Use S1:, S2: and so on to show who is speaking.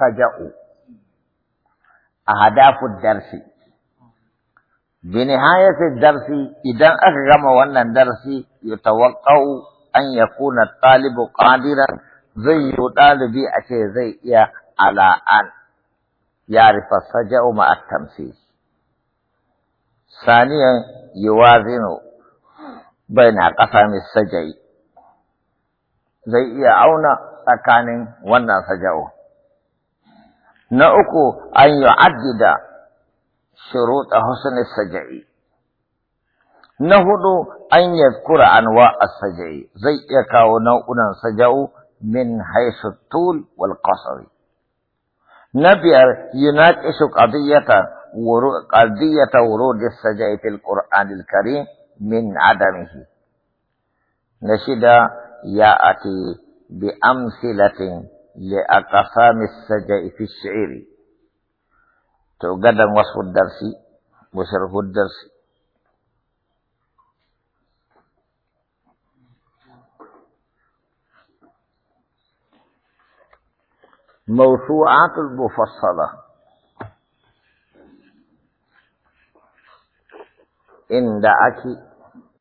S1: تجأ أهداف الدرس بنهاية الدرس إذا أغم وأن الدرس يتوقع أن يكون الطالب قادرا زي طالب أشي زي على أن يعرف السجأ مع التمثيل ثانيا يوازن بين قسم السجأ زي أعون أكان wannan saja'o. نأكو أن يعدد شروط حسن السجعي نهدو أن يذكر أنواع السجعي زي يكاو نوؤنا سجعو من حيث الطول والقصر نبيار يناقش قضية ورود قضية ورود السجعي في القرآن الكريم من عدمه نشد يأتي بأمثلة لأقسام السجاء في الشعير تقدم وصف الدرس وشرح الدرس موسوعات المفصلة إن دعك